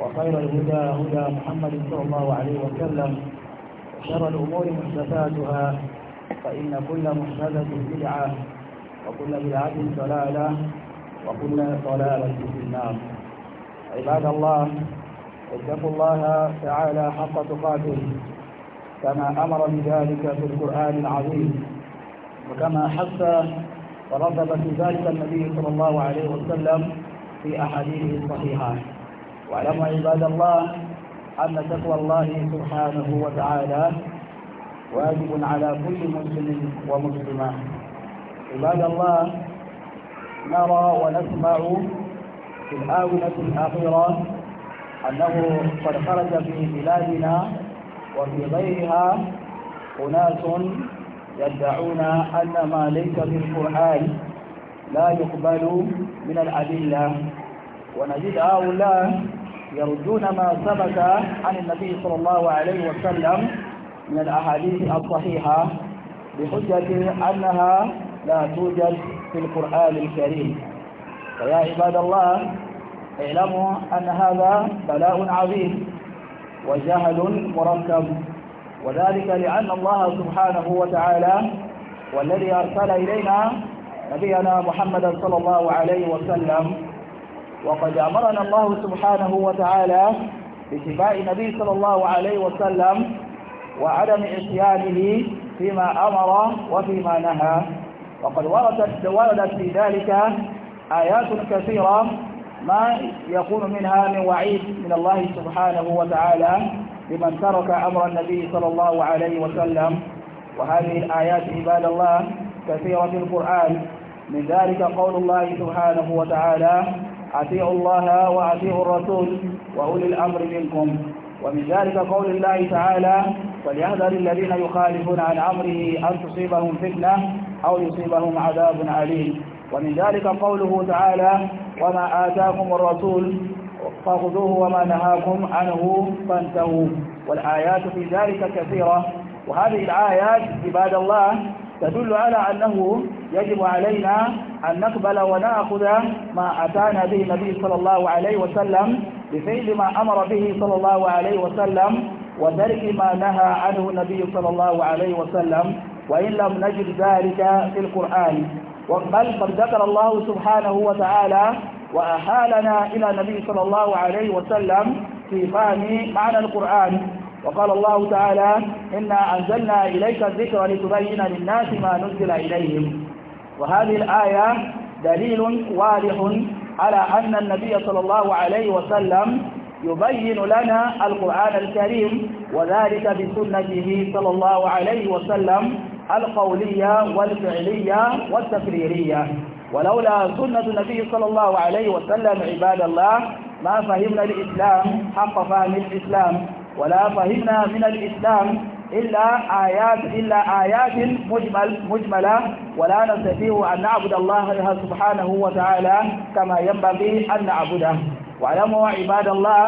وخير الهدى هدى محمد صلى الله عليه وسلم وشر الأمور محدثاتها فإن كل محدثة بدعة وكل بدعة ضلالة وكل ضلالة في النار عباد الله اتقوا الله تعالى حق تقاته كما أمر بذلك في القرآن العظيم وكما حث ورغب في ذلك النبي صلى الله عليه وسلم في أحاديثه الصحيحة واعلموا عباد الله أن تقوى الله سبحانه وتعالى واجب على كل مسلم ومسلمة عباد الله نرى ونسمع في الآونة الأخيرة أنه قد خرج في بلادنا وفي غيرها أناس يدعون أن ما ليس في القرآن لا يقبل من الأدلة ونجد هؤلاء يرجون ما ثبت عن النبي صلى الله عليه وسلم من الأحاديث الصحيحة بحجة أنها لا توجد في القرآن الكريم فيا عباد الله اعلموا أن هذا بلاء عظيم وجهل مركب وذلك لأن الله سبحانه وتعالى والذي أرسل إلينا نبينا محمدا صلى الله عليه وسلم وقد أمرنا الله سبحانه وتعالى باتباع النبي صلى الله عليه وسلم وعدم عصيانه فيما أمر وفيما نهى وقد وردت وردت في ذلك آيات كثيرة ما يكون منها من وعيد من الله سبحانه وتعالى لمن ترك أمر النبي صلى الله عليه وسلم وهذه الآيات عباد الله كثيرة في القرآن من ذلك قول الله سبحانه وتعالى أطيعوا الله وأطيعوا الرسول وأولي الأمر منكم ومن ذلك قول الله تعالى فليحذر الذين يخالفون عن أمره أن تصيبهم فتنة أو يصيبهم عذاب عليم ومن ذلك قوله تعالى وما آتاكم الرسول فخذوه وما نهاكم عنه فانتهوا والآيات في ذلك كثيرة وهذه الآيات عباد الله تدل على أنه يجب علينا أن نقبل ونأخذ ما أتانا به النبي صلى الله عليه وسلم بفعل ما أمر به صلى الله عليه وسلم وترك ما نهى عنه النبي صلى الله عليه وسلم وإن لم نجد ذلك في القرآن بل قد ذكر الله سبحانه وتعالى وأحالنا إلى النبي صلى الله عليه وسلم في فهم معنى القرآن وقال الله تعالى إنا أنزلنا إليك الذكر لتبين للناس ما نزل إليهم وهذه الآية دليل واضح على أن النبي صلى الله عليه وسلم يبين لنا القرآن الكريم وذلك بسنته صلى الله عليه وسلم القولية والفعلية والتكريرية ولولا سنة النبي صلى الله عليه وسلم عباد الله ما فهمنا الإسلام حق فهم الإسلام ولا فهمنا من الإسلام إلا آيات إلا آيات مجمل مجملة ولا نستطيع أن نعبد الله سبحانه وتعالى كما ينبغي أن نعبده واعلموا عباد الله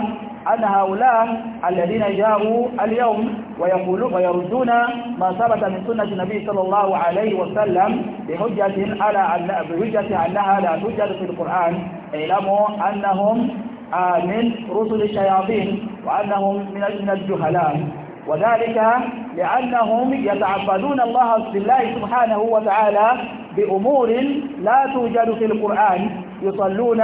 أن هؤلاء الذين جاءوا اليوم ويقولون ويردون ما ثبت من سنة النبي صلى الله عليه وسلم بحجة على بحجة أنها لا توجد في القرآن اعلموا أنهم آه، من رسل الشياطين وأنهم من الجهلاء وذلك لأنهم يتعبدون الله بالله سبحانه وتعالى بأمور لا توجد في القرآن يصلون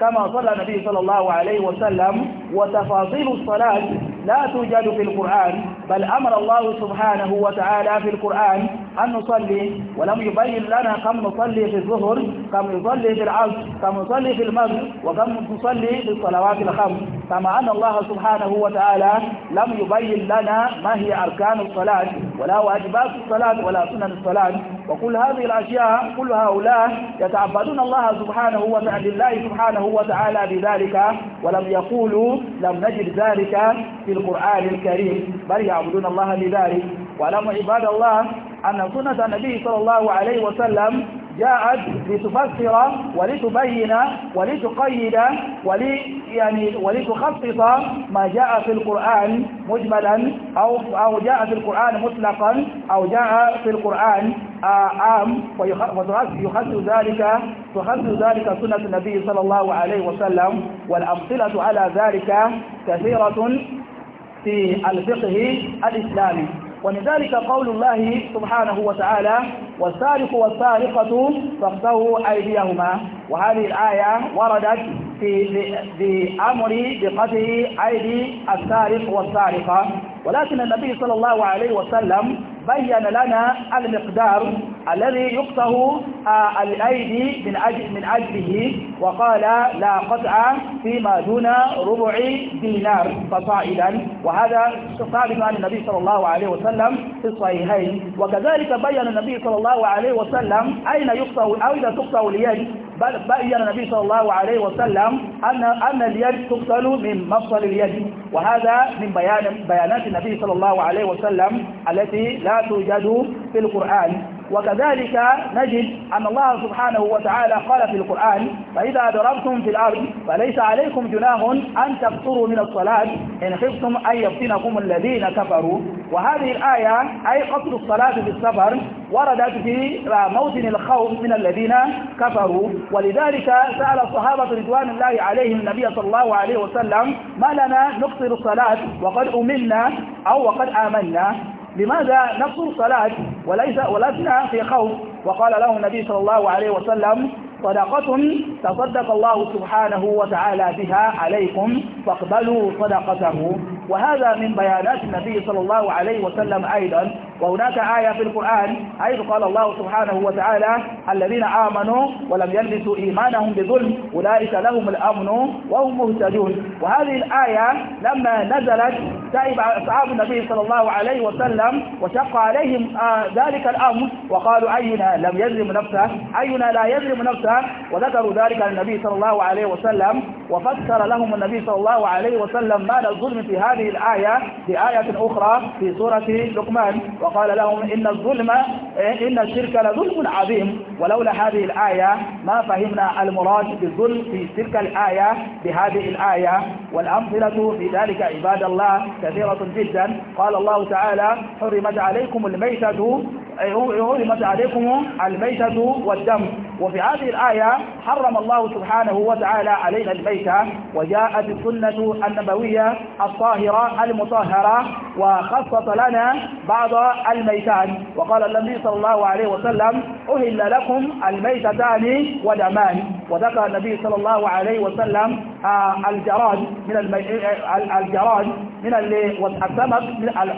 كما صلى النبي صلى الله عليه وسلم وتفاصيل الصلاة لا توجد في القرآن بل أمر الله سبحانه وتعالى في القرآن أن نصلي ولم يبين لنا كم نصلي في الظهر كم نصلي في العصر كم نصلي في المغرب وكم نصلي في الصلوات الخمس كما أن الله سبحانه وتعالى لم يبين لنا ما هي أركان الصلاة ولا واجبات الصلاة ولا سنن الصلاة وكل هذه الأشياء كل هؤلاء يتعبدون الله سبحانه وتعالى لله سبحانه وتعالى بذلك ولم يقولوا لم نجد ذلك في بالقرآن الكريم بل يعبدون الله لذلك ولم عباد الله أن سنة النبي صلى الله عليه وسلم جاءت لتفسر ولتبين ولتقيد ولي يعني ولتخصص ما جاء في القرآن مجملا أو أو جاء في القرآن مطلقا أو جاء في القرآن آه، عام ويخص ذلك تخص ذلك سنة النبي صلى الله عليه وسلم والأمثلة على ذلك كثيرة في الفقه الإسلامي ولذلك قول الله سبحانه وتعالى والسارق والسارقة فاقتلوا أيديهما وهذه الآية وردت في بأمر بقتل أيدي السارق والسارقة ولكن النبي صلى الله عليه وسلم بين لنا المقدار الذي يقطع آه، الأيدي من أجل من أجله وقال لا قطع فيما دون ربع دينار فصائلا وهذا ثابت عن النبي صلى الله عليه وسلم في الصحيحين وكذلك بين النبي صلى الله عليه وسلم أين يقطع أو إذا تقطع اليد بل بين النبي صلى الله عليه وسلم أن أن اليد تقتل من مفصل اليد وهذا من بيان بيانات النبي صلى الله عليه وسلم التي لا توجد في القرآن وكذلك نجد أن الله سبحانه وتعالى قال في القرآن فإذا ضربتم في الأرض فليس عليكم جناه أن تقصروا من الصلاة إن خفتم أن يفتنكم الذين كفروا وهذه الآية أي قصر الصلاة في السفر وردت في موطن الخوف من الذين كفروا ولذلك سأل الصحابة رضوان الله عليهم النبي صلى الله عليه وسلم ما لنا نقصر الصلاة وقد أمنا أو وقد آمنا لماذا نقصر الصلاة وليس ولسنا في خوف وقال له النبي صلى الله عليه وسلم صدقة تصدق الله سبحانه وتعالى بها عليكم فاقبلوا صدقته وهذا من بيانات النبي صلى الله عليه وسلم أيضا وهناك آية في القرآن حيث قال الله سبحانه وتعالى الذين آمنوا ولم يلبسوا إيمانهم بظلم أولئك لهم الأمن وهم مهتدون وهذه الآية لما نزلت تعب أصحاب النبي صلى الله عليه وسلم وشق عليهم آه ذلك الأمر وقالوا أينا لم يظلم نفسه أينا لا يظلم نفسه وذكروا ذلك للنبي صلى الله عليه وسلم وفسر لهم النبي صلى الله عليه وسلم ما الظلم في هذا هذه الآية بآية أخرى في سورة لقمان وقال لهم إن الظلم إن الشرك لظلم عظيم ولولا هذه الآية ما فهمنا المراد بالظلم في تلك الآية بهذه الآية والأمثلة في ذلك عباد الله كثيرة جدا قال الله تعالى حرمت عليكم الميتة حرمت عليكم الميتة والدم وفي هذه الآية حرم الله سبحانه وتعالى علينا الميتة وجاءت السنة النبوية الطاهرة المطهرة وخصص لنا بعض الميتان وقال النبي صلى الله عليه وسلم أهل لكم الميتتان ودمان وذكر النبي صلى الله عليه وسلم آه، الجراد من آه، آه، الجراد من اللي والسمك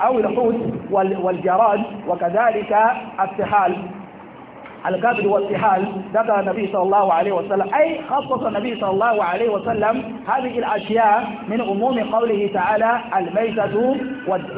أو الحوت والجراد وكذلك السحال القبر والسحال ذكر النبي صلى الله عليه وسلم أي خصص النبي صلى الله عليه وسلم هذه الأشياء من عموم قوله تعالى الميتة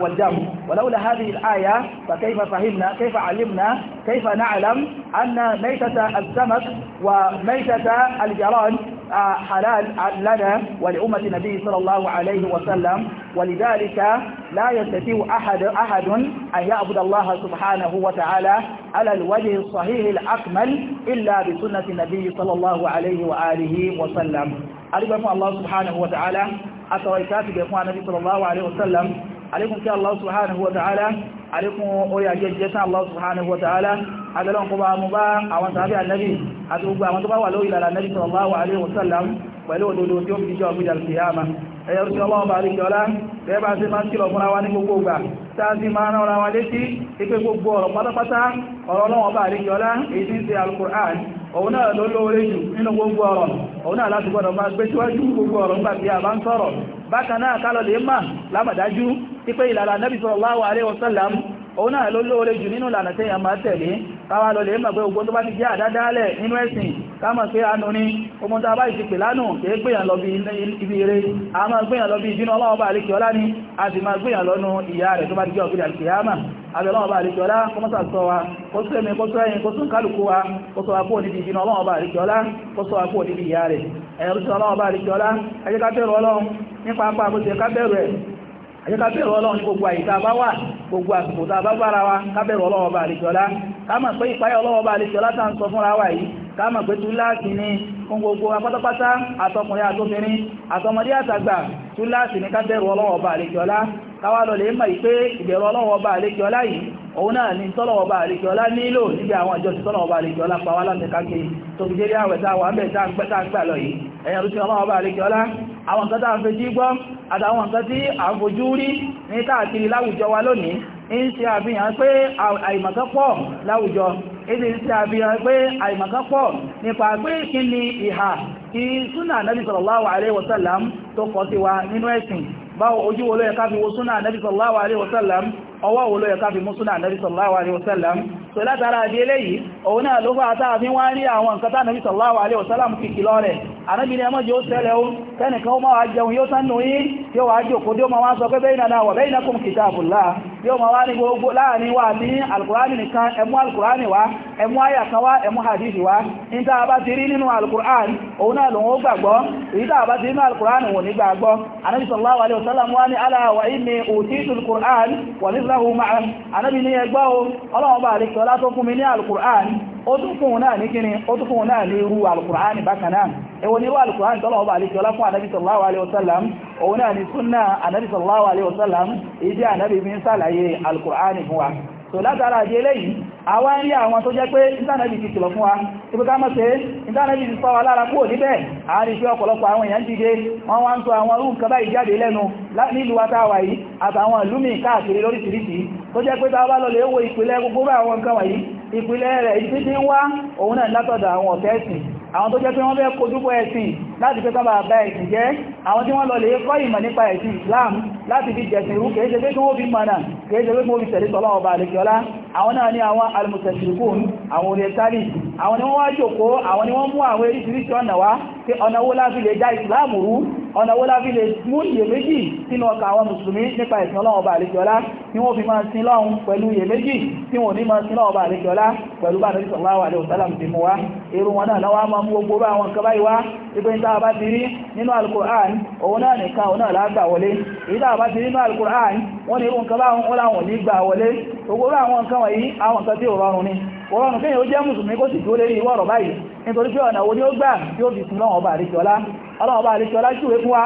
والدم ولولا هذه الآية فكيف فهمنا كيف علمنا كيف نعلم أن ميتة السمك وميتة الجران حلال لنا ولأمة النبي صلى الله عليه وسلم ولذلك لا يستطيع أحد أحد أن يعبد الله سبحانه وتعالى على الوجه الصحيح الأكمل إلا بسنة النبي صلى الله عليه وآله وسلم أرجو الله سبحانه وتعالى أتويتاتي بإخوان النبي صلى الله عليه وسلم àlékún kí Allah subhanahu wa ta'ala àlékún orí àjẹjẹ sán Allah subhanahu wa ta'ala agbẹ́lọ́n kó bá mú bá àwọn sàábí annabi àti gbogbo àwọn tó bá wà lórí ìlànà annabi sallallahu alaihi wasallam pẹ̀lú òdodo tí ó fi jọ ọgbìdà al-qiyama ẹ̀yọ́ tí ọlọ́wọ́ bá rí jọlá bẹ́ẹ̀bá sí máa ń kílọ̀ fúnra wa ní gbogbo ìgbà tàbí máa rán ọ̀rọ̀ wa létí ipé gbogbo ọ̀rọ̀ pátápátá ọ̀rọ̀ ọlọ́wọ́ bá rí jọlá èyí tí ń ṣe al òun náà ló lóore jù nínú gbogbo ọ̀rọ̀ òun náà láti gbọ́dọ̀ máa gbé síwájú gbogbo ọ̀rọ̀ nígbà tí a bá ń sọ̀rọ̀ bákan náà kálọ̀ lè mà lámàdájú tí pé ìlànà Ànábì sallallahu alaihi wasallam òun náà ló lóore jù nínú ìlànà tẹ́yàn máa tẹ̀lé káwà lọ lè mọ̀ pé ogun tó bá ti jẹ́ àdádálẹ̀ nínú ẹ̀sìn káàmà pé àánú ní ogun tó bá ìsì pè lánù kìí gbìyàn lọ bí ibi eré a máa gbìyàn lọ bí ìdínà ọlọ́ọ̀bá a sì máa gbìyàn lọ́nu ìyá rẹ̀ tó bá ti jẹ́ ọ̀gbìyàn kìyàmà abẹ̀lọ́wọ̀bá àríkíọlá kọmọ́sà sọ wa kó sí ẹ̀mí kó sí ẹ̀yìn kó sún kálùkú wa kó sọ àpò níbi ìbínú ọlọ́wọ̀bá àríkíọlá kó sọ àpò níbi ìyá rẹ̀ ẹ̀yẹ̀rúsí ọlọ́wọ̀bá àríkíọlá ẹjẹ́ ká bẹ̀rù ọlọ́run nípa apá àbúṣe ká àjẹ́ká bẹ̀rù ọlọ́run ní gbogbo àyíká bá wà gbogbo àsìkò tá a bá gbára wa ká bẹ̀rù ọlọ́run bá àlejọ́lá ká mọ̀ pé ìpáyà ọlọ́run bá àlejọ́lá tá à ń sọ fúnra wa yìí ká mọ̀ pé túláàsì ni fún gbogbo apátápátá àtọkùnrin àtobìnrin àtọmọdé àtàgbà túláàsì ni ká bẹ̀rù ọlọ́run bá àlejọ́lá káwá lọ lè mọ̀ pé ìbẹ̀rù ọlọ́wọ́ ọba àlékè ọlá yìí òun náà ni tọ́lọ̀wọ́ ọba àlékè ọlá nílò níbi àwọn ìjọ ti tọ́lọ̀wọ́ ọba àlékè ọlá pa wá láti káàkiri tó fi jẹ́rí àwẹ̀ tá wà ń bẹ̀ tá ń gbà lọ yìí ẹ̀yàn rúṣin ọlọ́wọ́ ọba àlékè ọlá àwọn nǹkan tá ń fẹ́ jí gbọ́ àtàwọn nǹkan tí sallallahu alaihi wasallam tó kọ sí wa nínú ẹ̀sìn báwo ojú wo ló yẹ ká fi wo súnà Nabi sallallahu alaihi wasallam ọwọ́ wo ló yẹ ká fi mú súnà Nabi sallallahu alaihi so látara àdí eléyìí òun náà ló fà táà fi wọ́n rí àwọn nǹkan tánà bí sallahu alaihi wasallam kìkì lọ rẹ̀ anábi ni ẹmọ́ jẹ́ ó tẹ́lẹ̀ ó tẹ́nìkan ó máa wá jẹun yóò sánnù yí yóò wá jòkó tí ó máa wá sọ pé baynana wa baynakum kitabullah yóò máa wá ní gbogbo láàrin wà ní alkùránì nìkan ẹmú alkùránì wá ẹmú àyà kan wá ẹmú hadithi wá ní tàà bá ti rí nínú alkùránì òun náà lòun ó gbàgbọ́ èyí tàà bá ìṣọ́lá tó fún mi ní alkùránì ó tún fún náà ní kíni ó tún fún náà ní irú alkùránì bákanáà ẹwọ ní irú alkùránì tọ́lọ̀ ọba alìṣọ́lá fún anábi sallallahu alaihi wasallam òun náà ni súnnà anábi sallallahu alaihi wasallam ìdí anábi fi ń fún wa tò látara àdí eléyìí àwa ń rí àwọn tó jẹ́ pé ìntánẹ́bì ti kìlọ̀ fún wa ibi ká mọ́ sí ìntánẹ́bì ti sọ́wà lára kúrò níbẹ̀ àárí sí ọ̀pọ̀lọpọ̀ àwọn èèyàn dìde wọ́n wá ń tó àwọn orú nǹkan báyìí jáde lẹ́nu nílùú atáwà yìí àtàwọn ìlú mi káàkiri lóríṣiríṣi tó jẹ́ pé tá a bá lọ lè wo ìpìlẹ̀ wá àwọn tó jẹ́ pé wọ́n fẹ́ kojúkọ ẹ̀sìn láti fẹ́ sábà bá ẹ̀sìn jẹ́ àwọn tí wọ́n lọ lè kọ́ ìmọ̀ nípa ẹ̀sìn Islam láti fi jẹ̀sìn irú kèése pé kí wọ́n fi mọ̀nà kèése pé kí wọ́n fi tẹ̀lé sọ́lọ́ ọba àlejọ́lá àwọn náà ni àwọn almustashirikun àwọn orientalist àwọn ni wọ́n wá jòkó àwọn ni wọ́n mú àwọn eríṣiríṣi ọ̀nà wá pé ọ̀nà wo láti lè já Islam rú ọ̀nà wọ́lá fi lè mú iyèméjì sínú ọkà àwọn mùsùlùmí nípa ìsìn ọlọ́run ọba àlejọ́lá ni wọ́n fi máa sin lọ́run pẹ̀lú iyèméjì tí wọ́n ní máa sin lọ́run ọba àlejọ́lá pẹ̀lú bá nàbí sallallahu alaihi wasallam ti mú wá irú wọn náà lọ́wọ́ máa mú gbogbo bá àwọn nǹkan báyìí wá ipé ní tàbá ti rí nínú alukur'an òun náà nìkan òun náà lágbà wọlé èyí tàbá nítorí pé ọ̀nà wo ni ó gbà tí ó fi sin lọ́wọ́ ọba àríṣọ́lá ọlọ́wọ́ ọba àríṣọ́lá ṣùwé fún wa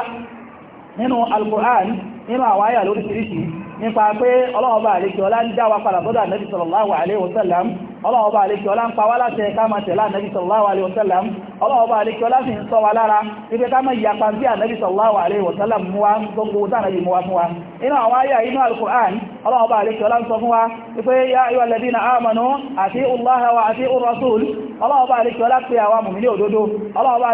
nínú Al-Qur'an nínú àwọn àyà lóríṣiríṣi nípa pé ọlọ́wọ́ ọba àríṣọ́lá ń dá wa padà bọ́dọ̀ ànábì ọlọ́ọ̀bá àlékí ọlá ń pa wá láti ẹ̀ká máa tẹ̀lá ànẹ́bí sallallahu alaihi wasallam ọlọ́ọ̀bá àlékí ọlá sì ń sọ wa lára wípé ká máa yapa bí ànẹ́bí sallallahu alaihi wasallam mú wa gbogbo tánàbí mú wa fún wa inú àwọn ayà inú al-Qur'an ọlọ́ọ̀bá àlékí ọlá ń sọ fún wa wípé ya ayyuhal ladhina amanu ati'u Allaha wa ati'u ar-rasul ọlọ́ọ̀bá àlékí ọlá pé àwọn mùmíní òdodo ọlọ́ọ̀bá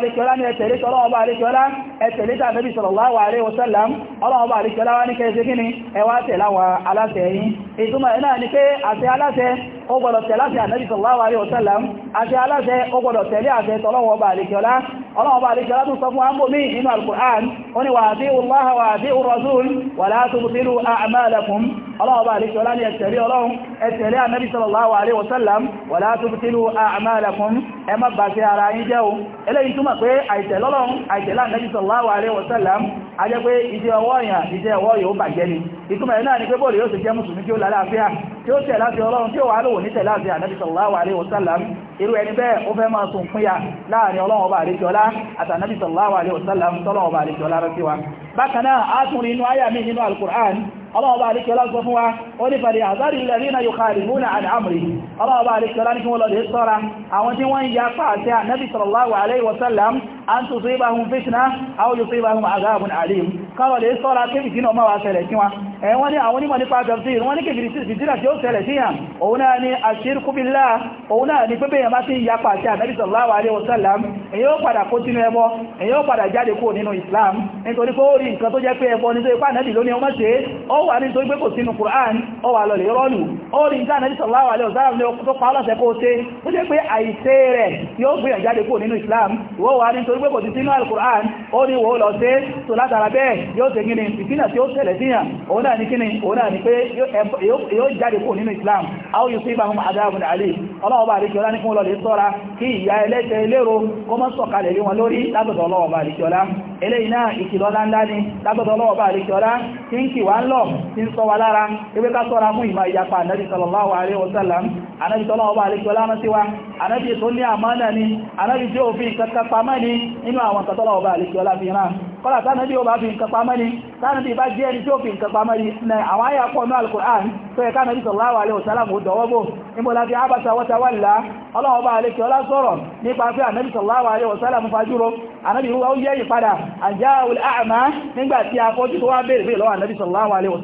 ànábì sallallahu alaihi wasallam àti aláṣẹ ó gbọ́dọ̀ tẹ̀lé àṣẹ tọ́lọ́wọ́ ọba àlekíọlá ọlọ́wọ́ bá alẹ́kẹ́ látún sọ fún àmò mí nínú alkùnrán ó ní wàá díhù láha wàá díhù rasul wà látún sílù àmàlẹ́kùn ọlọ́wọ́ bá alẹ́kẹ́ ọlá ní ẹ̀tẹ̀rí ọlọ́run ẹ̀tẹ̀rí ànábì sallallahu alaihi wasallam wà látún sílù àmàlẹ́kùn ẹ má bà sí ara yín jẹ́ o eléyìí túmọ̀ pé àìtẹ̀lọ́lọ́run àìtẹ̀lá ànábì sallallahu alaihi wasallam a jẹ́ pé ìdí ọwọ́ èèyàn ìdí ọwọ́ yóò bàjẹ́ ni ìtumọ̀ ẹ̀ náà ni pé bóòlù yóò sì irú ẹni bẹ́ẹ̀ ó fẹ́ máa sùn fún ya láàrin ọlọ́run ọba àríjọlá àtànábì sallallahu alaihi wasallam tọ́lọ́run ọba àríjọlá rẹ̀ sí wa bákan náà a tún rí inú àyà mi nínú al-Qur'an ọlọ́ọ̀bá àríkẹ́lá sọ fún wa ó ní fàdí àzárí ilẹ̀ rínà yóò kààrí múnà àdámùrí ọlọ́ọ̀bá àríkẹ́lá ní an tó tó ibà hun fitna a ó yóò tó ibà hun azabun alim káwà lè sọ́ra kébì tí náà máa ṣẹlẹ̀ sí wọn ẹ̀wọ́n ni àwọn onímọ̀ nípa tafsir wọ́n ní kébì sí ìdíra tí ó ṣẹlẹ̀ sí yàn òun náà ni ashirku billah òun náà ni pépé yàn bá ti yapa àti ànábì sallallahu alaihi wasallam èyí ó padà kó sínú ẹbọ èyí ó islam nítorí pé ó rí nǹkan tó jẹ́ pé ẹbọ nítorí pé ànábì ló ní quran ó wà lọlẹ̀ rọ́lù ó rí nǹkan ànábì sallallahu alaihi wasallam ní ọkùn tó pa ọlọ́sẹ̀ kó ṣe ó jẹ́ pé àìṣe rẹ̀ yóò gbìyànjáde kúrò torí pé kò sí sínú alukur'an ó ní wò lọ sí tó látara bẹ́ẹ̀ yóò ṣe gíní ìfínà tí ó ṣẹlẹ̀ síyàn òun náà ní kíni òun náà ní pé yóò jáde kò nínú Islam àwọn yóò sí ìbámu adáàbùn àlè ọlọ́ọ̀bà àríkíọlá ní fún lọ lè sọ́ra kí ìyá ẹlẹ́ṣẹ̀ elérò kó mọ́ sọ̀kalẹ̀ lé wọn lórí lágbọ̀dọ̀ ọlọ́ọ̀bà àríkíọlá eléyìí náà ìkìlọ́lá ńlá ni lágbọ̀dọ̀ ọlọ́ọ̀bà àríkíọlá tí ń kì ń lọ tí ń sọ wa lára ewé ká sọ́ra fún ìmọ̀ ìyapa ànábì sallallahu alaihi anábi tọ́lá ọba àlejòlá rán sí wa anábi tó ní àmánà ni anábi tí ó fi nǹkan pamọ́ ni nínú àwọn nǹkan tọ́lá ọba àlejòlá fi rán kọ́lá tánàbí ó bá fi nǹkan pamọ́ ni tánàbí bá jẹ́ ẹni tí ó fi nǹkan pamọ́ ni àwọn ayà pọ̀ ní al tó yẹ kánàbí sallallahu alaihi wasallam ó dọ̀wọ́bò níbọ̀lá fi Abasa wa Tawalla ọlọ́wọ́ bá alẹ́kẹ́ ọlá sọ̀rọ̀ nípa pé ànábì sallallahu alaihi wasallam fajúrò ànábì ruwa yẹ́ ìpadà àjáwò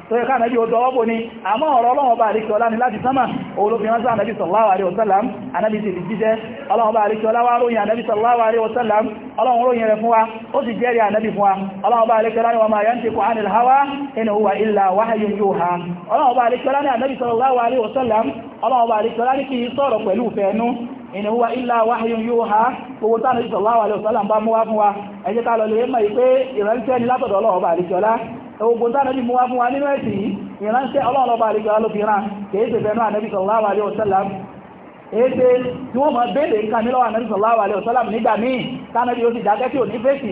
tó yẹ káàmẹ́bí ó dọwọ́bò ní àmọ́ ọ̀rọ̀ ọlọ́wọ́ bá àríkẹ́ ọlá ní láti sánmà olóbìnrin sáà nàbí sallallahu alaihi wasallam anábì ti lè jíjẹ́ ọlọ́wọ́ bá àríkẹ́ ọlá wá ròyìn ànábì sallallahu alaihi wasallam ọlọ́wọ́ ròyìn rẹ̀ fún wa ó sì jẹ́rìí ànábì fún wa ọlọ́wọ́ bá àríkẹ́ ọlá ní wa ma yantiqu anil hawa in huwa illa wahyun yuha ọlọ́wọ́ bá àríkẹ́ ọlá ní ànábì sallallahu alaihi wasallam ọlọ́wọ́ bá àríkẹ́ ọlá ní kí sọ̀rọ̀ pẹ̀lú fẹ́ẹ̀nú in huwa illa wahyun yuha owó tánà sallallahu alaihi wasallam bá mú wá fún wa ẹ jẹ́ ká lọ lè mọ̀ pé ìrẹ́lẹ́sẹ́ ni látọ̀dọ̀ ọlọ́wọ́ bá àríkẹ́ ọlá ogun tánàbí mú wá fún wa nínú ẹ̀sìn yìí ìránṣẹ́ ọlọ́ọ̀lọ́bà àríkà lófinran kìí ṣe bẹ̀rẹ̀ ànábì sallallahu alaihi wasallam èéṣe tí wọ́n mọ̀ bẹ́ẹ̀lẹ̀ ń kà sallallahu alaihi wasallam nígbà míì tánàbí ó sì dákẹ́ tí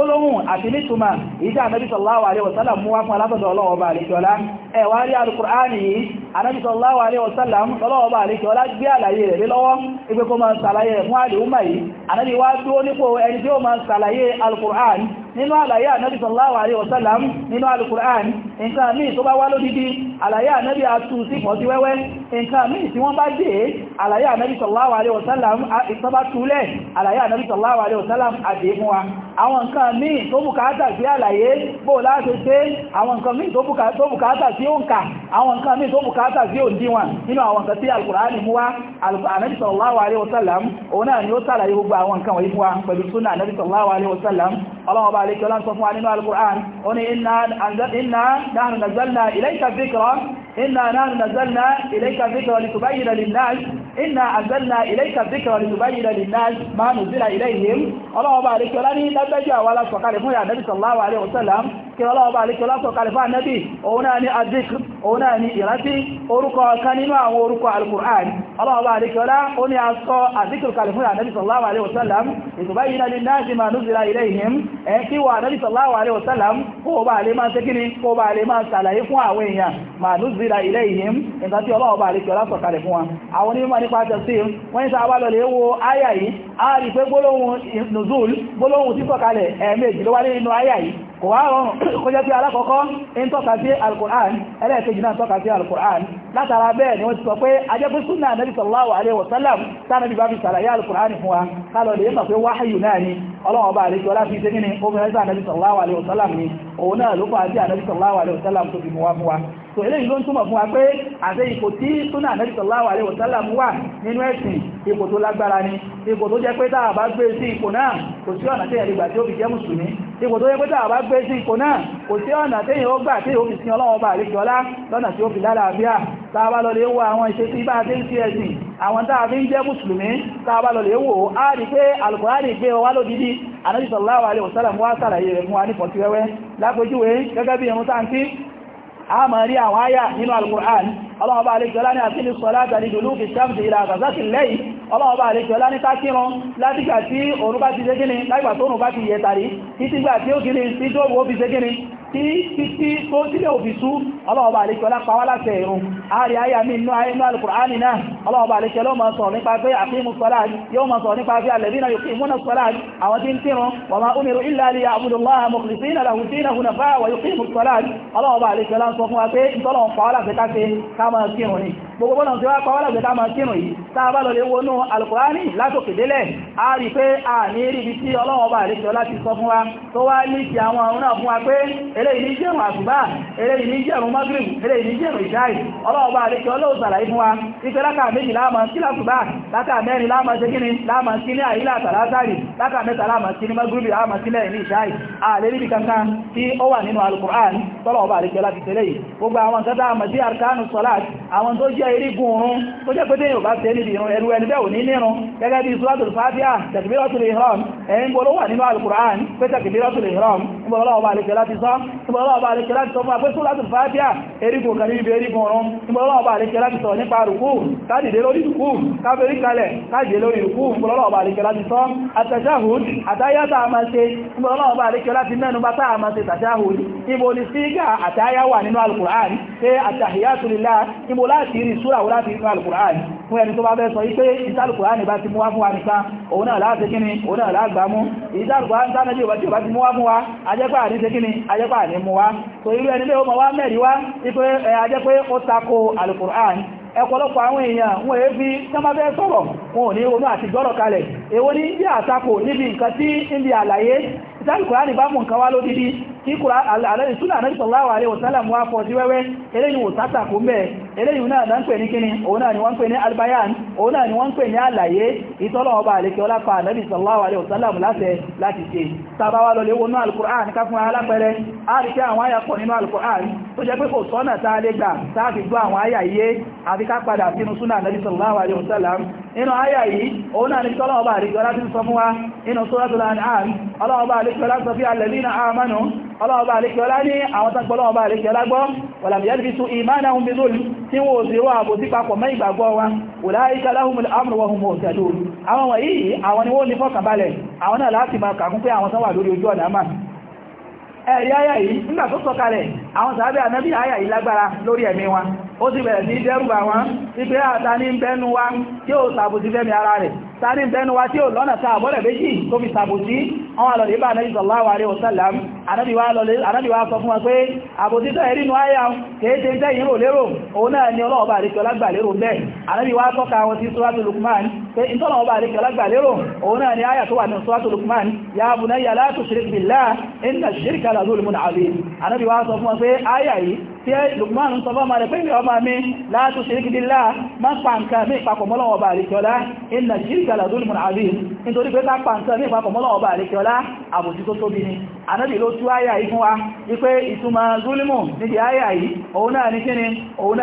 gbólóhùn àti nítumà ìjá ànábì sallallahu alaihi wasallam mú wá fún alátọ̀dọ̀ ọlọ́wọ́ bá àríkíọlá ẹ̀wà rí alùkùránì yìí ànábì sallallahu alaihi wasallam ọlọ́wọ́ bá àríkíọlá gbé àlàyé rẹ̀ lọ́wọ́ ipé kó máa ṣàlàyé rẹ̀ fún àdìhúmà yìí ànábì wá dúó nípò ẹni nínú àlàyé ànábì sallallahu alaihi wasallam nínú al-Qur'an nǹkan míì tó bá wá lódídí àlàyé ànábì àtú sí pọ̀ sí wẹ́wẹ́ nǹkan míì tí wọ́n bá dé àlàyé ànábì sallallahu alaihi wasallam ìtọ́bá túlẹ̀ àlàyé ànábì sallallahu alaihi wasallam àdé fún wa àwọn nǹkan míì tó bùkátà sí àlàyé bó àwọn nǹkan mí tó bùkátà sí òǹdíwọ̀n nínú àwọn nǹkan tí alkùnrin mú wá Ànábì sallallahu alaihi wasallam òun náà ni ó sàlàyé gbogbo àwọn nǹkan wọ̀nyí fún wa pẹ̀lú súnà Ànábì sallallahu alaihi wasallam ọlọ́wọ́ bá lè kí ọlá ń sọ fún wa nínú alkùnrin ó ní inna nahnu nazzalna ilayka dhikra إنا نحن نزلنا إليك الذكر لتبين للناس إنا أنزلنا إليك الذكر لتبين للناس ما نزل إليهم الله بارك لنا نبجى ولا سقال يا النبي صلى الله عليه وسلم kí ọlọ́ọ̀bá àlekọ́lá sọ kàlífà nẹ́bì òun náà ni adìkú òun náà ni ìrántí orúkọ kan nínú àwọn orúkọ al-Qur'an ọlọ́ọ̀bá àlekọ́lá ó ní asọ adìkú kàlífà nẹ́bì sallallahu alaihi wasallam litubayyina lin-nasi ma pé gbólóhùn nùzúl gbólóhùn tí sọ̀kalẹ̀ ẹ̀ẹ̀mejì ló wá nínú áyà yìí kò wá rọrùn kó jẹ́ pé alákọ̀ọ́kọ́ ń tọ́ka sí alkùnrán ẹlẹ́ẹ̀kejì náà tọ́ka sí alkùnrán látara bẹ́ẹ̀ ni wọ́n ti sọ pé ajẹ́bísún náà nẹ́bí sallallahu alaihi wasallam tánàbí bá fi sàlàyé alkùnrán fún wa kálọ̀ lè yẹ́mà pé wáhàyù náà ni ọlọ́wọ́ bá àlejò láti ṣe nínú obìnrin sáà nẹ́bí sallallahu alaihi wasallam ni òun náà ló fà sí ànẹ́bí sallallahu alaihi wasallam tó fi mú wa fún wa so eléyìí ló ń túmọ̀ fún wa pé àṣẹ ipò ipò tó yẹ pé tàà bá gbé sí ipò náà kò sí ọ̀nà téyìn ó gbà tí ó fi sin ọlọ́wọ́ bá àríkíọlá lọ́nà tí ó fi lálàáfíà tàà bá lọ lè wo àwọn ìṣesí bá a ti ń sí ẹ̀sìn àwọn tàà fi ń jẹ́ mùsùlùmí tàà bá lọ lè wò á rí pé alukùránì gbé wa lódìdí Ànábì sallallahu alaihi ọlọ́ọ̀bá àlejò ọlá ní kákírun látìgbà tí òun bá ti ṣe gíní láìgbà tó òun bá ti yẹ tàrí títí tí ó gíní tí tó wó fi ṣe gíní tí títí tó sílẹ̀ òfisú ọlọ́ọ̀bà àlejò alápàá láti ẹ̀rùn ààrẹ ayà mi inú ayénú alìkùránì náà ọlọ́ọ̀bà àlejò yóò máa sọ nípa pé àfihàn sọ́lá yóò máa sọ nípa pé alladhina yuqimuna sọ́lá àwọn tí ń tírun wa ma eléyìí ní jẹ́rùn atuba! eléyìí ní jẹ́rùn magrib eléyìí ní jẹ́rùn ìṣáì ọlọ́ọ̀bá àríkẹ́ ọlọ́ọ̀sàlà ìfún wa ìfẹ́ láka méjì láàmà sí làṣùbá láka mẹ́rin láàmà sí kíni láàmà sí ní àyílà àtàlásàrì La mẹ́ta láàmà sí ní magrib láàmà sí lẹ́yìn ìṣáì ààrẹ níbi kankan tí ó wà nínú alukur'an tọ́lọ̀ọ̀bá àríkẹ́ láti tẹ́lẹ̀ yìí gbogbo àwọn àmà sí arkanu àwọn tó jẹ́ oorun tó jẹ́ pété yóò bá tẹ́ níbi ẹrú ẹni ò nígbàlọ́ ọba àríkẹ́ láti sọ fún àpẹ́sùn láti fàájá erigun kan níbi erigun ọ̀run nígbàlọ́ ọba àríkẹ́ láti sọ nípa rùkú káàdìdé lórí rùkú káfẹ́rí kalẹ̀ káàdìdé lórí rùkú nígbàlọ́ ọba àríkẹ́ láti sọ àtàṣáhùd àtàyátà àmàṣe nígbàlọ́ ọba àríkẹ́ láti mẹ́nu bá tá àmàṣe tàṣáhùd ibo ni sígá àtàyá wà nínú alkùrán pé àtàhíyàtù lílá ibo láti rí súra wọ́n láti nínú alkùrán fún ẹni tó bá bẹ́ sọ ipé ìtàlùkùrán bá ti mú wá fún wa nìkan òun náà láti kíni òun náà lágbàmú ìtàlùkùrán tánàjì ìwà tí ò bá ti mú wá fún wa ajẹ́pà àdíṣe kíni ajẹ́pà alkùrán mú wa so iru eni n'ime o mọ̀ wá mẹ́rí wá ipé ajẹ́ pé ó tako alkùrán ẹ̀pọ̀lọpọ̀ àwọn èèyàn wọ́n èé fi sọ́mọ́fẹ́ sọ̀rọ̀ wọn ò ní ronú ìtàlù kùránì bá mú nǹkan wá lódídí tí àlẹ́rìn súnà náà sallallahu alaihi wasallam wá fọ́ sí wẹ́wẹ́ eléyìn òtátà kó mẹ́ eléyìn náà náà ń pè ní kíni òun náà ni wọ́n pè ní albayan òun náà ni wọ́n ń pè ní àlàyé ìtọ́lọ̀ ọba àlekẹ́ ọlápàá àlẹ́rìn sallallahu alaihi wasallam láṣẹ láti ṣe tàbá wá lọ léwọ́nú alukur'an ká fún alápẹẹrẹ àríkẹ́ àwọn àyà pọ̀ nínú alukur'an tó jẹ́ pé kò sọ́nà tá a inú ayà yìí òun náà ni tọ́lọ̀ ọba àríkọ́ láti sọ fún wa inú Suratul An'am ọlọ́ọba àríkọ́ láti sọ fí alladhina amanu ọlọ́ọba àríkọ́ lá ní àwọn tàgbọ́lọ́ọba àríkọ́ lágbọ́ walam yalbisu imanahum bizulm tí wọ́n ò sí wọ́n àbò sí papọ̀ mẹ́ ìgbàgbọ́ wa ulaika lahumul amru wa hum muhtadun àwọn wọ̀nyí àwọn ni wọ́n ní fọ́kànbalẹ̀ àwọn náà láti máa kàkún pé àwọn tán wà lórí ojú ọ̀nà mà ẹ̀rí ayà yìí nígbà tó sọ̀kalẹ̀ àwọn sàábẹ́ ànábì àyà ìlágbára lórí ẹ̀mí wa ó sì bẹ̀rẹ̀ sí dẹ́rùbà wọn sí pé àta ní bẹnu wa tí ó sàbòsí fẹ́mi ara rẹ̀ ta ní bẹnu wa tí ó lọ́nà ta àbọ́rẹ̀ méjì tó fi sàbòsí àwọn àlọ́lẹ̀ bá ànábì sallallahu alaihi wasallam ànábì wa sọ wà ní suratul ya bunayya la sọ fún wa pé áyà yìí tí ẹ lùgbọ́n ń sọ fọ́mà rẹ̀ pé ìrẹ̀ ọmọ mi láti ṣe ríkìdílá má pa nǹkan mí ìpapọ̀mọ́lọ́wọ́ bá àríkíọlá iná ṣíríkà làdúrù mọ̀ àrí nítorí pé ká pa nǹkan mí ìpapọ̀mọ́lọ́wọ́ bá àríkíọlá àbòsí tó tóbi ni anábì ló tú áyà yìí fún wa wípé ìtumọ̀ zulimu níbi áyà yìí òun náà ní kíni òun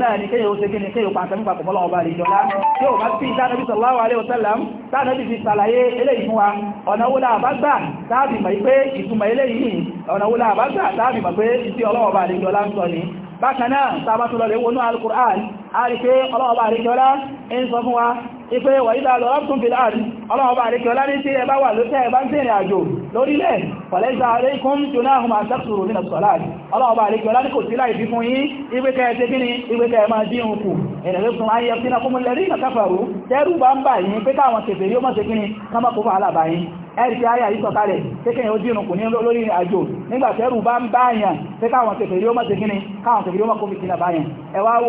náà ní kéyò ṣe kíni kéyò pàǹkan nípa pọ̀mọ́lọ́ ọba àríjọlá tí ó bá sí ìtànàbí sallallahu alaihi wasallam tánàbí fi sàlàyé eléyìí fún wa ọ̀nà àbágbà tàbí pé ìtumọ̀ eléyìí ọ̀nà wúlà àbágbà tàbí pé ìtí ọlọ́wọ́ sọ ní bákanáà tàbátúlọ̀lẹ̀ wọnú al-Qur'an a rí pé ọlọ́ọ̀bá àríkẹ́ọlá ń sọ fún wa ife wà ìdá lọ ọ́pùn fi láàrin ọlọ́ọ̀bá àríkẹ́ọlá ní tí ẹ bá wà lókẹ́ ẹ̀bá ń tẹ́rìn àjò lórílẹ̀ pọ̀lẹ́sà aléìkún jónáhùn àṣẹ́kùrù nínú sọ̀láàdì ọlọ́ọ̀bá àríkẹ́ọlá ní kò sí láì fi fún yín ìgbékẹ́ ẹ̀ tẹ́bí ni ìgbékẹ́ ẹ̀ máa dín kù ẹ̀rẹ̀lẹ́sùn ẹ̀rìkì ayà yìí sọ̀kalẹ̀ kékèyàn ó dínú kò ní lórí àjò nígbàtẹ́rù bá ń báyàn pé káwọn tẹ̀fẹ̀rí ó mọ́ tẹ̀kíní káwọn tẹ̀fẹ̀rí ó mọ́ kó náà báyàn ẹwà wo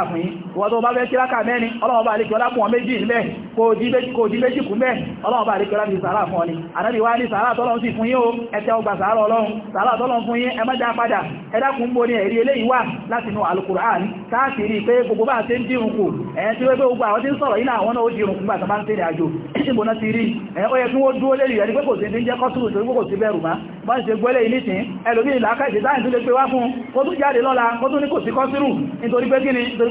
rákà fún yín wọ́n tó bá fẹ́ kí rákà mẹ́rin ọlọ́wọ́ bá àríkẹ́ ọlápùn méjì níbẹ̀ kò dí méjì kú mẹ́ ọlọ́wọ́ bá àríkẹ́ ọlápùn sàárà fún ọni àdábì wá ní sàárà tọ́lọ́run sì fún yín o ẹ̀tẹ́ ọgbà sàárà ọlọ́run sàárà tọ́lọ́run fún yín ẹ má já padà ẹ dákun ń bo ní ẹ̀rí eléyìí wà láti inú alukur'an káàkiri pé gbogbo bá ṣe ń dírun kù ẹ̀yẹn tí wọ́n pé gbogbo àwọn tí ń sọ̀rọ̀ yìí náà wọ́n náà ó dírun kù gbàtà bá ń tẹ̀lé àjò ìṣìnbó náà ti rí ẹ̀ ó yẹ kí wọ́n dúró lérí rẹ̀ ní pé kò sí ní jẹ́ kọ́sùrù torí pé kò sí bẹ̀rù má bá ń ṣe gbọ́lẹ̀ yìí nìsín ẹlòmíì làákàtì táyì tó lè pé wá fún kó tún jáde lọ́la kó tún ní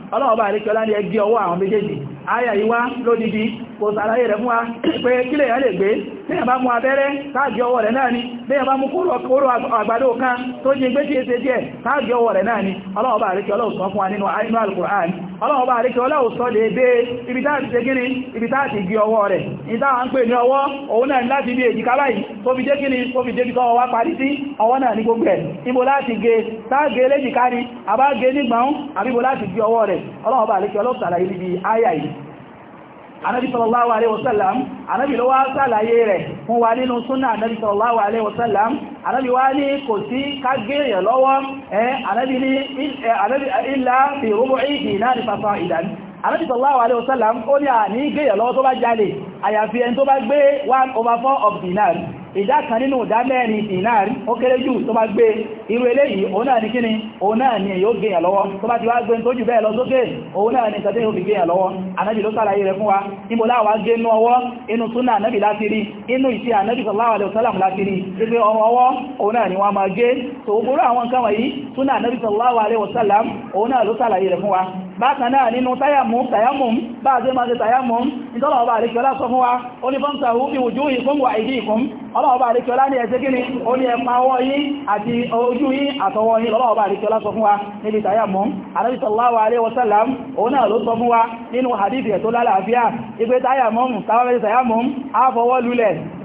ọlọ́ọ̀bá àríkọlá ní ẹgbẹ́ ọwọ́ àwọn méjèèjì ayà yíwá lódìdí kò sàlàyé rẹ̀ fún wa pé kílẹ̀ ẹ̀ lè gbé tíyàn bá mú abẹ́rẹ́ káàgì ọwọ́ rẹ̀ náà ni tíyàn bá mú kóró àgbàdo kan tó jí gbé tí é ṣe díẹ̀ káàgì ọwọ́ rẹ̀ náà ni ọlọ́ọ̀bá àríkọlá sọ fún wa nínú Al-Qur'an ọlọ́wọ́ bá àríkẹ́ ọlá òsọ́ lè bẹ́ ibi táà ti ṣe gíní ibi táà ti gí ọwọ́ rẹ̀ ìdáà ń pè ní ọwọ́ òun náà láti bí èjìká báyìí tó fi jẹ́ gíní tó fi débi tọ́wọ́ wá parí sí ọwọ́ náà ní gbogbo ẹ̀ níbo láti gé táàgé léjìká ni àbá gé nígbàún àbíbo láti gí ọwọ́ rẹ̀ ọlọ́wọ́ bá àríkẹ́ ọlọ́pàá anábi sallallahu alaihi wasallam anábi ló wá sàlàyé rẹ̀ fún wa nínú súnà anábi sallallahu alaihi wasallam anábi wá ní kò sí kágẹ́rẹ̀ lọ́wọ́ anábi ní ilá fi rúbọ̀ ìdí náà ní fasa ìdán anábi sallallahu alaihi wasallam ó ní à ní gẹ́rẹ̀ lọ́wọ́ tó bá jalè àyàfi ẹni tó bá gbé 1 over 4 of dinar ìdá kan nínú ìdá mẹ́rin ìnáàrí ó kéré jù tó bá gbé irú eléyìí òun náà ní kíni òun náà ní èyí ó gèyàn lọ́wọ́ tó bá ti wá gbé tó jù bẹ́ẹ̀ lọ sókè òun náà ní ìtàdé yóò fi gèyàn lọ́wọ́ anábì ló sàlàyé rẹ̀ fún wa níbo láwá gé inú ọwọ́ inú súnà anábì láti rí inú ìṣe anábì sallallahu alaihi wasallam láti rí pípé ọmọ ọwọ́ òun bákan náà nínú tayamum tayamum bá ṣe máa ṣe tayamum ìtọ́lọ̀ ọba àríkẹ́lá sọ fún wa ó ní famsahu bi wujuhikum wa aydikum ọlọ́ọ̀bá àríkẹ́lá ní ẹ̀ṣẹ́ gíní ó ní ẹpa ọwọ́ yín àti ojú yín àtọwọ́ yín ọlọ́ọ̀bá àríkẹ́lá sọ fún wa níbi tayamum Ànábì sallallahu alaihi wasallam òun náà ló sọ fún wa nínú hadithi ẹ̀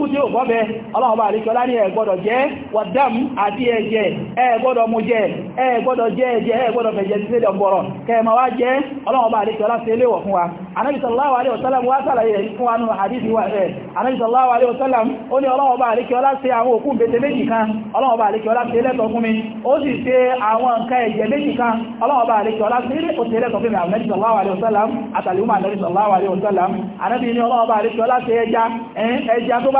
ikú tí ó gọ́bẹ̀ ọlọ́ọ̀bá àríkọlá ní ẹ̀gbọ́dọ̀ jẹ́ wàdám àti ẹ̀jẹ̀ ẹ̀gbọ́dọ̀ mú jẹ́ ẹ̀gbọ́dọ̀ jẹ́ ẹ̀jẹ̀ ẹ̀gbọ́dọ̀ fẹ̀jẹ̀ sí ilẹ̀ ọgbọ̀rọ̀ kẹma wá jẹ́ ọlọ́ọ̀bá wa Ànábì wa nínú wa ẹ̀ Ànábì sallallahu alaihi wasallam ó ní ọlọ́ọ̀bá àríkọlá sí àwọn òkú bètè méjì kan ọlọ́ọ̀bá àríkọlá sí ilẹ̀ tọ́kún mi ó sì ṣe àwọn nǹkan ẹ̀jẹ̀ méjì kan ọlọ́ọ̀bá àríkọlá sí ilẹ̀ tọ́kún mi Ànábì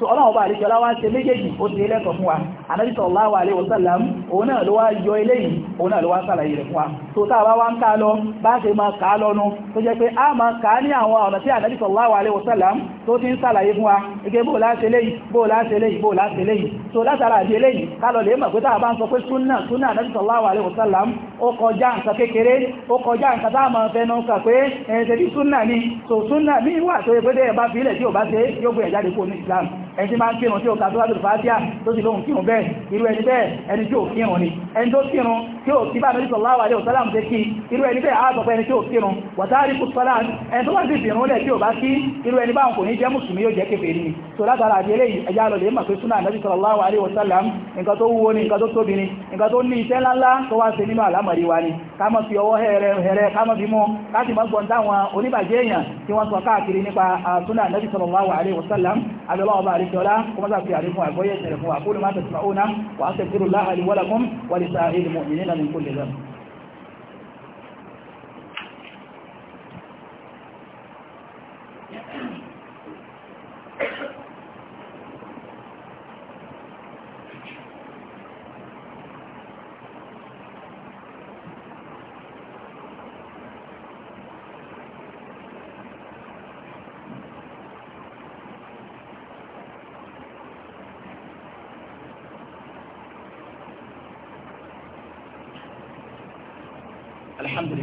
so ọlọ́run bá àríkẹ́ ọláwá ṣe méjèèjì ó ti lẹ́kọ̀ọ́ fún wa Ànábì sallallahu alaihi wasallam òun náà ló wá yọ eléyìí òun náà ló wá sàlàyé rẹ̀ fún wa so tá a bá wá ń ká lọ bá ṣe máa ká lọ́nu tó jẹ́ pé a máa ká ní àwọn ọ̀nà tí Ànábì sallallahu alaihi wasallam tó ti ń sàlàyé fún wa ike bó láṣe léyìí bó láṣe léyìí bó láṣe léyìí so látara àti eléyìí ká lọ lè mọ̀ pé tá a bá ń sọ pé súnà súnà Ànábì sallallahu alaihi wasallam ó kọjá nǹkan kékeré ó kọjá nǹkan tá a máa fẹnu kà pé ẹ̀ẹ́dẹ̀bí súnà ni so súnà ní wà tó yẹ pé tẹ́ ẹ bá fi ilẹ̀ tí ò bá ṣe yóò gbé ẹ̀ jáde kúrò ní Islam ẹni tí máa ń kírun tí ó kàtó láti fàájá tó sì lóhun kírun bẹ́ẹ̀ irú ẹni bẹ́ẹ̀ ẹni tí ó kírun ni ẹni tó kírun tí ó kíbà mẹ́rin sọ̀lá wà léò sálàmù tẹ́ kí irú ẹni bẹ́ẹ̀ àgbọ̀pẹ́ ẹni tí ó kírun wàtàrí kù sọ́lá ẹni tó bá sì fìrún lẹ̀ tí ó bá kí irú ẹni báwọn kò ní jẹ́ mùsùlùmí yóò jẹ́ kèfèrí ni tó látara àti eléyìí ẹja lọ lè mà pé súnà nàbí sallallahu alaihi wasallam nǹkan ni nǹkan tó tóbi ni nǹkan tó ní iṣẹ́ ńláńlá tó wá ṣe nínú àlámọ̀rí wa ni ká mọ̀ fi ọwọ́ hẹ̀rẹ̀ ká mọ̀ fi mọ́ láti mọ́ gbọ́n táwọn oníbàjẹ́ èèyàn tí wọ́n sọ káàkiri nípa súnà أبي الله بارك ولا كما ذاك عليكم أبوية أقول ما تسمعون وأستغفر الله لي ولكم ولسائر المؤمنين من كل ذنب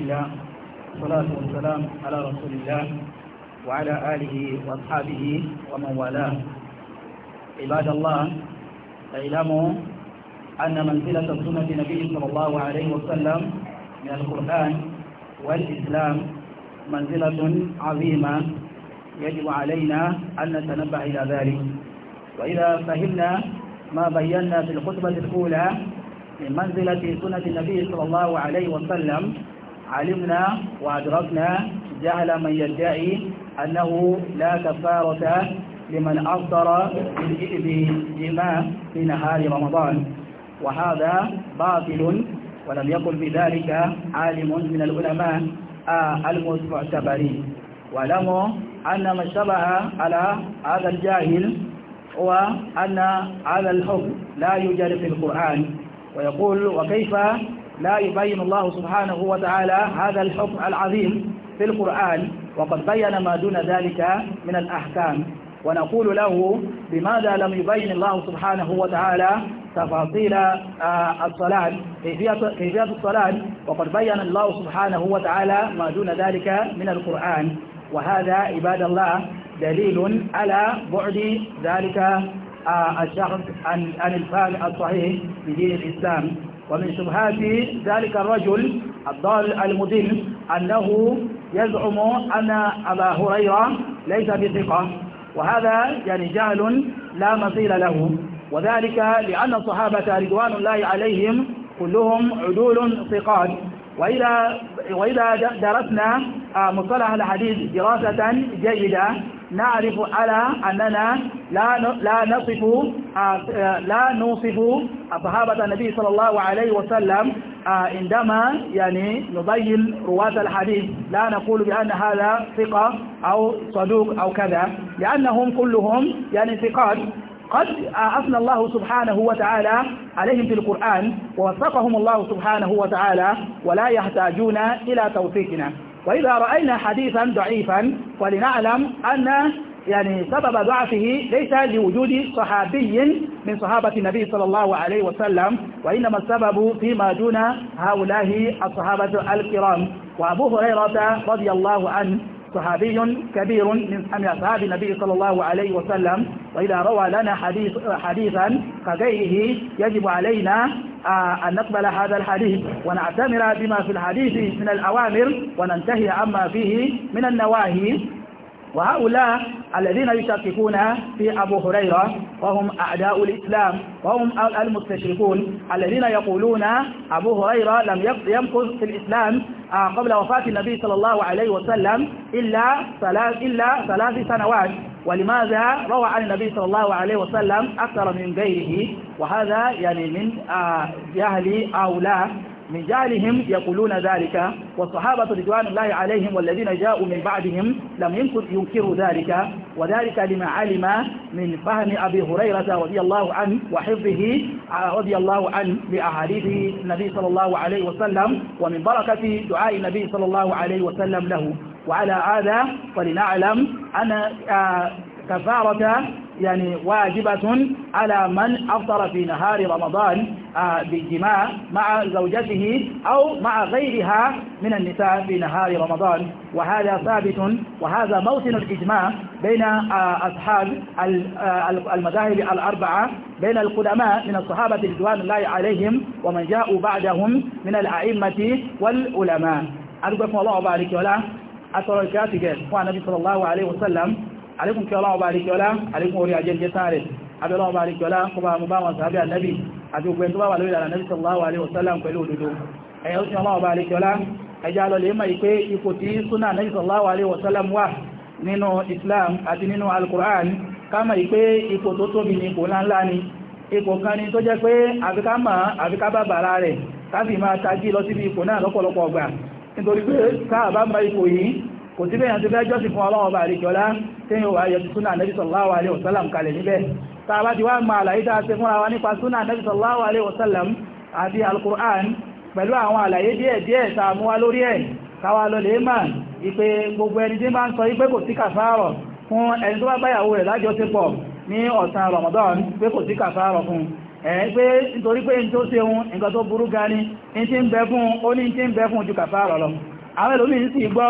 الله والصلاة والسلام على رسول الله وعلى آله وأصحابه ومن والاه عباد الله اعلموا أن منزلة سنة النبي صلى الله عليه وسلم من القرآن والإسلام منزلة عظيمة يجب علينا أن نتنبه إلى ذلك وإذا فهمنا ما بينا في الخطبة الأولى من منزلة سنة النبي صلى الله عليه وسلم علمنا وأدركنا جهل من يدعي أنه لا كفارة لمن أفطر بالجماع في نهار رمضان وهذا باطل ولم يقل بذلك عالم من العلماء آه، المعتبرين واعلموا أن ما شبه على هذا الجاهل هو أن هذا الحكم لا يوجد في القرآن ويقول وكيف لا يبين الله سبحانه وتعالى هذا الحكم العظيم في القرآن وقد بين ما دون ذلك من الأحكام ونقول له بماذا لم يبين الله سبحانه وتعالى تفاصيل آه، الصلاة كيفية, كيفية الصلاة وقد بين الله سبحانه وتعالى ما دون ذلك من القرآن وهذا عباد الله دليل على بعد ذلك آه، الشخص عن الفعل الصحيح بدين الإسلام ومن شبهات ذلك الرجل الضال المدل أنه يزعم أن أبا هريرة ليس بثقة وهذا يعني جهل لا مثيل له وذلك لأن الصحابة رضوان الله عليهم كلهم عدول ثقات وإذا, وإذا درسنا مصطلح الحديث دراسة جيدة نعرف على أننا لا لا نصف آه، آه، لا نوصف صحابة النبي صلى الله عليه وسلم آه، عندما يعني نبين رواة الحديث لا نقول بأن هذا ثقة أو صدوق أو كذا لأنهم كلهم يعني ثقات قد أثنى الله سبحانه وتعالى عليهم في القرآن ووثقهم الله سبحانه وتعالى ولا يحتاجون إلى توثيقنا وإذا رأينا حديثا ضعيفا ولنعلم أن يعني سبب ضعفه ليس لوجود صحابي من صحابة النبي صلى الله عليه وسلم وإنما السبب فيما دون هؤلاء الصحابة الكرام وأبو هريرة رضي الله عنه صحابي كبير من أصحاب النبي صلى الله عليه وسلم وإذا روى لنا حديث حديثا كغيره يجب علينا آه، أن نقبل هذا الحديث ونعتمر بما في الحديث من الأوامر وننتهي عما فيه من النواهي وهؤلاء الذين يشككون في أبو هريرة وهم أعداء الإسلام وهم المستشركون الذين يقولون أبو هريرة لم يمكث في الإسلام آه، قبل وفاة النبي صلى الله عليه وسلم إلا ثلاث, إلا ثلاث سنوات ولماذا روى عن النبي صلى الله عليه وسلم أكثر من غيره وهذا يعني من آه، جهل أو لا من جالهم يقولون ذلك والصحابة رضوان الله عليهم والذين جاءوا من بعدهم لم ينكروا ذلك وذلك لما علم من فهم أبي هريرة رضي الله عنه وحفظه رضي الله عنه لأحاديث النبي صلى الله عليه وسلم ومن بركة دعاء النبي صلى الله عليه وسلم له وعلى هذا فلنعلم أن آه، كفارة يعني واجبة على من أفطر في نهار رمضان آه، بالجماع مع زوجته أو مع غيرها من النساء في نهار رمضان وهذا ثابت وهذا موطن الإجماع بين آه، أصحاب آه، المذاهب الأربعة بين القدماء من الصحابة رضوان الله عليهم ومن جاءوا بعدهم من الأئمة والعلماء أرجوكم الله وبارك ولا أتركاتك وعن النبي صلى الله عليه وسلم àlékún kí ọlá ọba àríkíọlá àlékún orí ajẹ́jẹ́ sáàrẹ̀ abẹ́lá ọba àríkíọlá kó bá mú bá wọn sàábẹ́ ànábì àti ogun tó bá wà lórí ìlànà ànábì sallallahu alaihi wasallam pẹ̀lú òdodo ẹ̀yẹ́ òsìn ọlá ipò Islam àti nínú Al-Qur'an ká mọ̀ pé ipò tó tóbi ni ipò ńláńlá ni ipò kan ni tó jẹ́ pé àfikà mọ̀ àfikà bá bàrà rẹ̀ ká máa tají lọ síbi ipò náà lọ́pọ̀lọpọ̀ ọgbà nítorí pé káà bá mọ̀ ipò yìí kò sí bẹ́yàn ti fẹ́ jọ́sìn fún ọlọ́wọ́ bá àríkọlá tí yíò wà yọ súnà nẹ́bí sallallahu alaihi wasallam kalẹ̀ níbẹ̀ tàbá ti wá ma àlàyé tàà ṣe fúnra wa nípa súnà nẹ́bí sallallahu alaihi wasallam àti al-Qur'an pẹ̀lú àwọn àlàyé díẹ̀ díẹ̀ tààmúwá lórí ẹ̀ káwà lọ lè mà ìpé gbogbo ẹni tí máa ń sọ ipé kò sí kàfàárọ̀ fún ẹni tó bá báyàwó rẹ̀ lájọṣepọ̀ ní ọ̀sán Ramadan pé kò sí kàfàárọ̀ fún ẹ̀ pé nítorí pé ní tó ṣe ohun nǹkan tó burú gan ní tí ń bẹ fún ó tí ń bẹ fún ju kàfàárọ̀ lọ àwọn ẹlòmíín sì gbọ́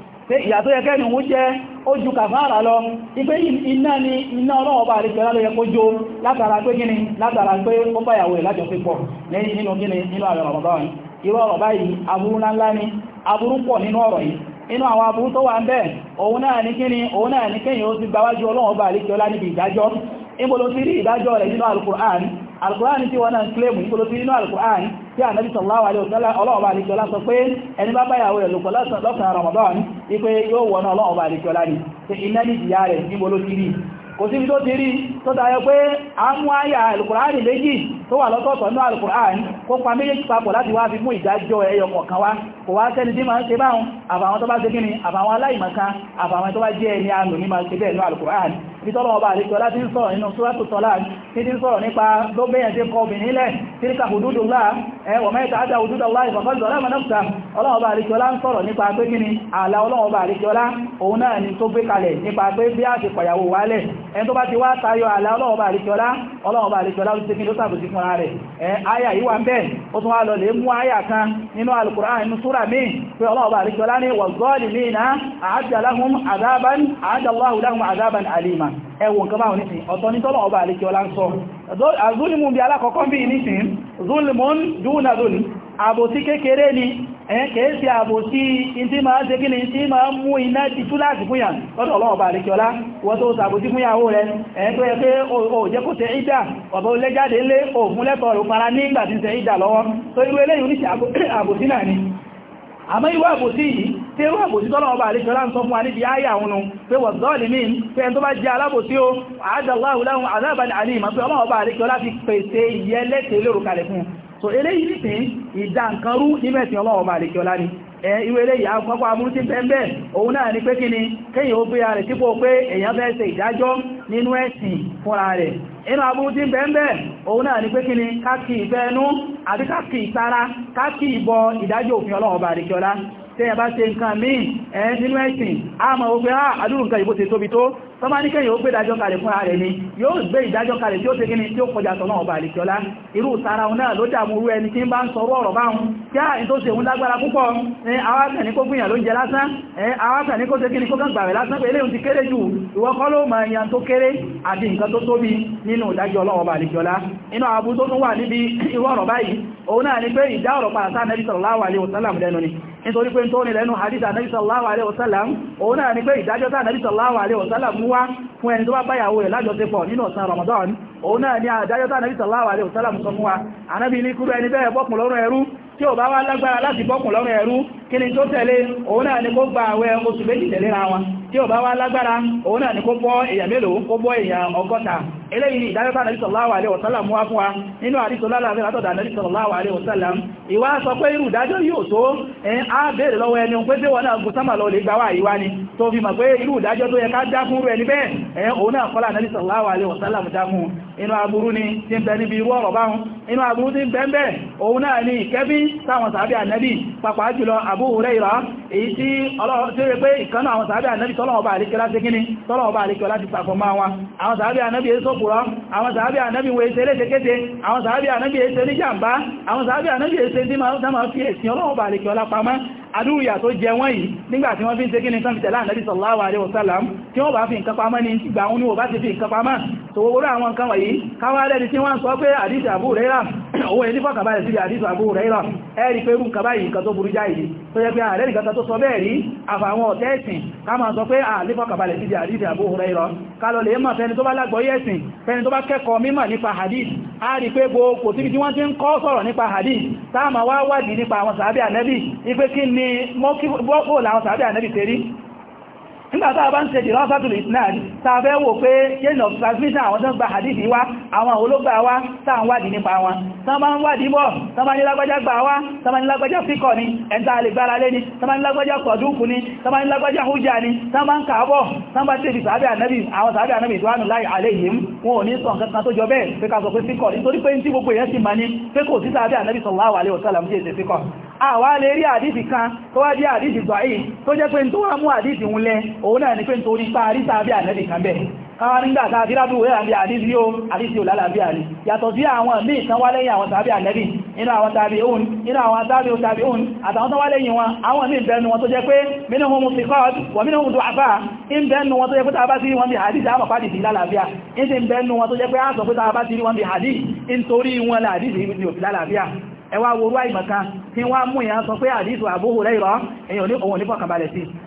pé ìyà tó yẹ kẹ́ni òun jẹ́ ó ju kàfàárà lọ ipé iná ni iná ọlọ́wọ́ bá àríkẹ́ lálọ́ yẹ kó jó látara pé gíní látara pé ó báyàwó ẹ̀ pípọ̀ nínú gíní nínú àwọn ọ̀rọ̀ báyìí ni aburú pọ̀ nínú ọ̀rọ̀ yìí inú àwọn aburú tó wà ń bẹ òun náà ní kíni òun náà ní kíyàn ó ti gbáwájú ọlọ́wọ́ bá àríkẹ́ ọlá níbi ìdájọ́ ìbòlò ti alkùránì tí wọ́n náà ń kílèmù ìpòlò tí inú alkùránì tí ànábì sallallahu alaihi wasallam ọlọ́ọ̀bá àríkọlá sọ pé ẹni bá báyàwó rẹ̀ lòpọ̀ lọ́sàn Ramadan ní pé yóò wọ́n ọlọ́ọ̀bá àríkọlá ní pé iná ní ìyá rẹ̀ níbolo ti rí kò síbi tó ti rí tó tayọ pé a mú àyà alkùránì méjì tó wà lọ́tọ̀ọ̀tọ̀ ní alkùránì kó pa méjèèjì papọ̀ láti wá fi mú ìdájọ́ ẹyọ kọ̀ọ̀kan wá kò wá sẹ́ni tí ma ń ṣe báhùn àbàwọn tó bá ṣe kíni àbàwọn aláìmọ̀kan ìtọ́lọ̀ ọba àríkọ́ láti ń sọ̀rọ̀ nínú súrátù tọ́lá ní ti ń sọ̀rọ̀ nípa ló bẹ́yàn tí kọ obìnrin lẹ̀ tíríkà hududu láà ẹwọ̀ mẹ́ta àjá hududu láà ìfọ̀kọ́lù ọlá mọ́nàfà ọlọ́ọba àríkọ́lá ń sọ̀rọ̀ nípa pé kí ni ààlà ọlọ́ọba àríkọ́lá òun náà ni tó gbé kalẹ̀ nípa pé bí a ti pàyàwó wálẹ̀ ẹni tó bá ti wá tayọ ààlà ọlọ́ọba àríkọ́lá ọlọ́ọba àríkọ́lá ló ti kí ló sàbòsí fún ara rẹ̀ ẹ áyà yìí wà ń bẹ ó tún wá lọ lè mú áyà kan nínú alukùrán nínú súra míì pé ọlọ́ọba àríkọ́lá ní wọ̀zọ́ọ̀lì míì náà àájá lahum àdában àájá Allahu lahum àdában alima ẹwọ nǹkan báwọn nìsìn ọ̀tọ̀ ní tọ́lọ̀ ọba àlékí ọlá ń sọ azúlìmù bí alákọ̀ọ́kọ́ bí nìsìn zulmon dúnà zulm àbòsí kékeré ni kèèsì àbòsí tí ma ń segí ni tí ma ń mú iná ti tú láti fún yàn lọ́dọ̀ ọlọ́wọ̀ bá wọ́n tó sàbòsí fún yàwó rẹ̀ ẹ̀yìn tó yẹ pé o jẹ́ kó tẹ ìdà ọ̀bọ̀ olẹ́jáde lé òfúnlẹ́tọ̀ọ̀rọ̀ fara nígbàtí tẹ ìdà lọ́wọ́ ni àmọ́ ìwà àbòsí yìí tí ìwà àbòsí tọ́lọ̀ ọba àríṣọ́lá ń sọ fún wa níbi ayé àwọn ohun pé wọ́n zọ́ọ̀lì mí pé ẹn tó bá jẹ́ alábòsí ó àádọ́láhùn láhùn àdábàní àlìmọ̀ pé pèsè ìwé eléyìí àpapọ̀ amúrútí pẹ́ẹ̀bẹ́ òun náà ni pé kí ni kéyìn ó gbéra rẹ̀ pé èyàn fẹ́ ìdájọ́ nínú ẹ̀sìn fúnra rẹ̀ inú abúrútí pẹ́ẹ̀bẹ́ òun náà ni pé kí ni káàkì ìfẹ́ àti káàkì ìtara káàkì ìbọ ìdájọ́ òfin tẹ́yà bá ṣe nǹkan míì ẹ̀ẹ́ nínú ẹ̀sìn a mọ̀ ó pé ah, àdúrù nǹkan ìbò ti tóbi tó tọ́má ní kẹ́yìn ó gbé ìdájọ́ kalẹ̀ fún ààrẹ ni yóò gbé ìdájọ́ kalẹ̀ tí ó ṣe kíni tí ó kọjá tọ́nà ọba àlìkọ́lá irú tara òun náà ló dàmú orú ẹni tí ń bá ń sọ̀rọ̀ ọ̀rọ̀ báhun kí à ń tó ṣe òun lágbára púpọ̀ ẹ awákan ní kó gbìyàn ló ń jẹ lásán ẹ awákan ní kó ṣe kíni kó kàn gbàrẹ̀ lásán pé eléyìí ti kéré abu tó tún wà níbi irú ọ̀rọ̀ báyìí ni pé ìdá ọ̀rọ̀ pàṣá nẹ́bí sallallahu alaihi nítorí pé tó ní lẹ́nu hadith Ànábì sallallahu alaihi wasallam òun náà ni pé ìdájọ́ tá Ànábì sallallahu alaihi wasallam mú wá fún ẹni tó bá báyàwó rẹ̀ lájọṣepọ̀ nínú ọ̀sán Ramadan òun náà ní kúrò ẹni bẹ́ẹ̀ bọ́kùn tí ó bá wá lágbára òun náà ni kó bọ́ èyàn mélòó kó bọ́ èyàn ọgọ́ta eléyìí ni ìdájọ́ta nàbí sallallahu alaihi wasallam wá fún wa nínú àdíso lálàáfẹ́ látọ̀dà nàbí sallallahu alaihi wasallam ìwá sọ pé irú ìdájọ́ yóò tó ẹn á bèèrè lọ́wọ́ ẹni pé tí wọ́n náà gùn sámà lọ lè gbà wá ìwá ni tó fi mọ̀ pé irú ìdájọ́ tó yẹ ká dákún rẹ̀ ní bẹ́ẹ̀ ẹn òun náà kọ́lá nàbí sallallahu Abu Hurairah èyí tí ọlọ́rọ̀ tí ó tọ́lọ̀ọba àríkẹ́lá ti kíní tọ́lọ̀ọba àríkẹ́lá ti pàfọ́ máa wọn àwọn sàábí ànábì èsòkùrọ́ àwọn sàábí ànábì wo èsè léṣekéte àwọn sàábí ànábì èsè níjàmbá àwọn sàábí ànábì èsè tí máa fi ẹ̀sìn ọlọ́ọba àríkẹ́lá pamọ́ adúrúyà tó jẹ wọ́n yìí nígbàtí wọ́n fi ń ṣe kíni tán fi tẹ̀lá ànábì sallallahu alaihi wasallam tí wọ́n bá fi nǹkan pamọ́ ní ìgbà òun ni wọ́n bá ti fi nǹkan pamọ́ tòwòrò àwọn nǹkan wọ̀nyí káwàá lẹ́ni tí wọ́n sọ pé àdíṣẹ́ àbúrẹ́rà owó ẹni fọ́kàbáyẹ̀ sí àdísù àgbóhùn rẹ̀ ìrọ̀ ẹ̀rí pẹ̀rú kàbáyìí nǹkan tó burú jáìdì tó yẹ pé ààrẹ nìkan tó sọ bẹ́ẹ̀ rí àfàwọn ọ̀tẹ́ẹ̀sìn ká máa sọ pé ààlé fọ́kàbáyẹ̀ sí àdísù àgbóhùn rẹ̀ ìrọ̀ kálọ̀ lè mọ̀ fẹni tó bá lágbọ́yé ẹ̀sìn fẹni tó bá kẹ́kọ̀ọ́ mímọ̀ nípa nígbàtà bá ń ṣe jìrán sátùlù isnan ta fẹ́ wò pé chain of transmission àwọn tán gba hadithi wá àwọn olóògbà wá tá ń wádìí nípa wọn tán bá ń wádìí bọ́ tán bá ní lágbájá gbà wá tán bá ní lágbájá fíkọ̀ ni ẹ̀ntà àlègbára lé ni tán bá ní lágbájá sọ̀dúnkù ni tán bá ní lágbájá ni tán bá ń kàábọ̀ tán bá tẹ́bi sàábẹ̀ ànábì àwọn sàábẹ̀ ànábì tó wánù láì àléyìn wọn ò ní sọ nǹkan kan tó jọ bẹ́ẹ̀ pé ká sọ pé fíkọ̀ nítorí pé tí gbogbo èèyàn sì máa ní pé kò sí sàábẹ̀ ànábì sallallahu alaihi wasallam jẹ́ ìṣẹ́ fíkọ̀ àwa lè rí òun náà ni pé nítorí pa rí tàbí ànẹ́bì kan bẹ̀ káwà nígbà tàbí rábí wòye àbí àdísí o àdísí ò lálàáfíà ni yàtọ̀ sí àwọn míì tán wá lẹ́yìn àwọn tàbí ànẹ́bì inú àwọn tàbí òun inú àwọn tàbí òun tàbí òun àtàwọn tán wá lẹ́yìn wọn àwọn míì bẹnu wọn tó jẹ́ pé mínú ohun ti kọ́ wọ mínú ohun tó àfà ń bẹnu wọn tó jẹ́ pé tàbá sí wọn bí hadith àmọ̀ pàdé sí lálàáfíà ń sì ń bẹnu wọn tó jẹ́ pé á sọ pé tàbá sí tí wọ́n mú ìyàn sọ pé àdísù Abu Hurairah èyàn òun nífọ̀kànbalẹ̀ sí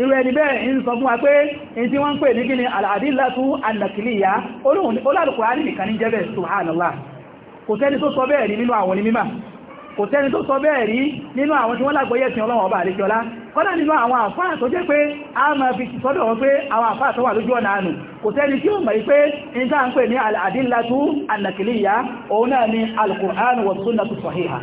irú ẹni bẹ́ẹ̀ ń sọ fún wa pé in tí wọ́n ń pè ní kí ni àdílátú ànàkìlìyà olóòlùkùnrin nìkan ní jẹ́bẹ̀ subhanallah kò sẹ́ni tó sọ bẹ́ẹ̀ rí nínú àwọn onímímà kò sẹ́ni tó sọ bẹ́ẹ̀ rí nínú àwọn tí wọ́n lágbóyẹ̀ sí ọlọ́wọ̀n ọba àríkíọlá kọ́nà nínú àwọn àfáà tó jẹ́ pé a máa fi sọ́dọ̀ wọn pé àwọn àfáà tó wà lójú ọ̀nà àánú kò sẹ́ni tí ó mọ̀ pé